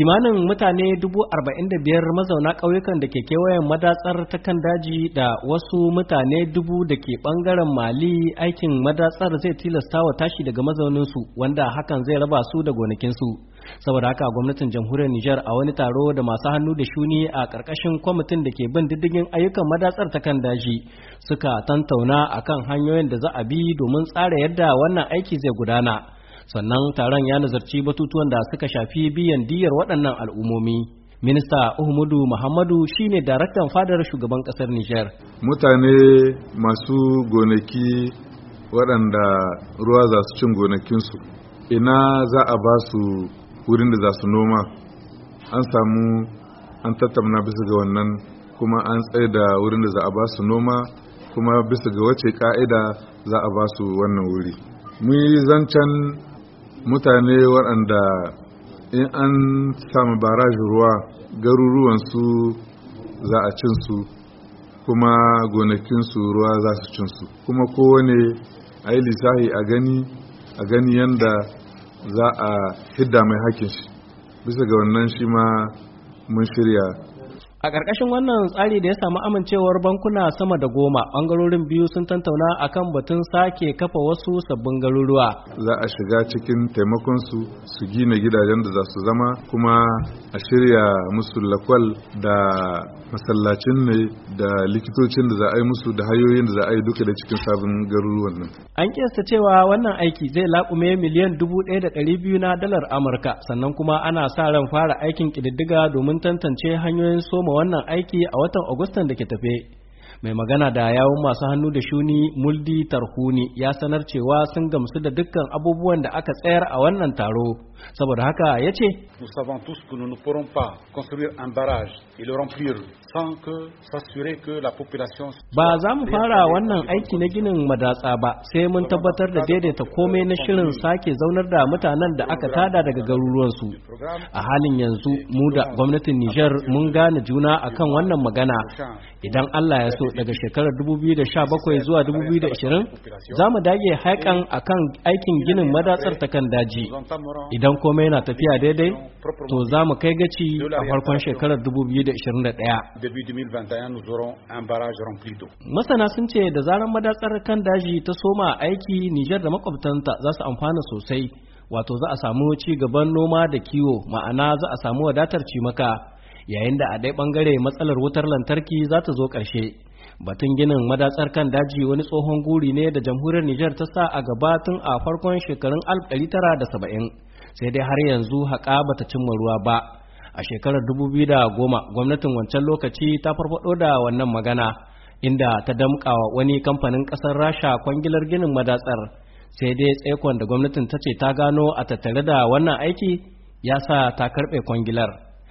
kimanin mutane dubu arba'in da biyar mazauna ƙauyukan da ke kewayen madatsar ta kan daji da wasu mutane dubu da ke ɓangaren mali aikin madatsar zai tilasta wa tashi daga mazauninsu wanda hakan zai raba su da gonakinsu saboda haka gwamnatin jamhuriyar nijar a wani taro da masu hannu da shuni a ƙarƙashin kwamitin da ke bin diddigin ayyukan madatsar ta kan daji suka tantauna akan hanyoyin da za a bi domin tsara yadda wannan aiki zai gudana sannan taron ya nazarci batutuwan da suka shafi biyan diyar waɗannan al'ummomi minista Uhumudu Muhammadu shine daraktan fadar shugaban ƙasar Nijar. Mutane masu gonaki waɗanda ruwa za su cin gonakinsu, ina za a ba su wurin da za su noma, an samu an tattauna bisa ga wannan kuma an tsaye da wurin da za a ba su noma kuma bisa ga wace ka'ida za a ba su wannan wuri. Mun yi zancen mutane waɗanda in an samu barajin ruwa garuruwansu za a cinsu kuma gonakinsu ruwa za su cinsu kuma kowane a yi lissahi a gani a gani yadda za a hidda mai hakin shi bisa ga wannan shi ma mun shirya A ƙarƙashin wannan tsari da ya samu amincewar bankuna sama da goma, ɓangarorin biyu sun tantauna a kan batun sake kafa wasu sabbin garuruwa. Za a shiga cikin taimakon su gina gidajen da za su zama kuma a shirya musu lakwal da masallacin ne da likitocin da za a yi musu da hanyoyin da za a yi duka da cikin sabon garuruwan nan. An kiyasta cewa wannan aiki zai laƙume miliyan dubu ɗaya da ɗari biyu na dalar Amurka sannan kuma ana sa ran fara aikin ƙididdiga domin tantance hanyoyin soma wannan aiki a watan Agustan da ke tafe. mai magana da yawun masu hannu da shuni muldi tarhuni ya sanar cewa sun gamsu da dukkan abubuwan da aka tsayar a wannan taro saboda haka ya ce ba za mu fara wannan aiki na ginin madatsa ba sai mun tabbatar da daidaita komai na shirin sake zaunar da mutanen da aka tada daga garuruwansu a halin yanzu mu da gwamnatin Nijar mun gane juna akan wannan magana idan Allah ya so daga shekarar 2017 zuwa 2020 za mu dage haikan akan aikin ginin madatsar ta kan daji idan komai yana tafiya daidai to za mu kai gaci a farkon shekarar 2021 masana sun ce da zarar madatsar kan daji ta soma aiki Nijar da makwabtanta za su amfana sosai wato za a samu ci gaban noma da kiwo ma'ana za a samu wadatar cimaka yayin da a ɗaya bangare matsalar wutar lantarki za ta zo ƙarshe batun ginin madatsar kan daji wani tsohon guri ne da jamhuriyar nijar ta sa a gaba tun a farkon shekarun ɗari tara da saba'in, sai dai har yanzu haƙa ba ta cimma ruwa ba a shekarar dubu biyu da goma gwamnatin wancan lokaci ta farfaɗo da wannan magana inda ta damƙa wani kamfanin ƙasar rasha kwangilar ginin madatsar sai dai tsaikon da gwamnatin ta ce ta gano a tattare da wannan aiki ya sa ta karɓe kwangilar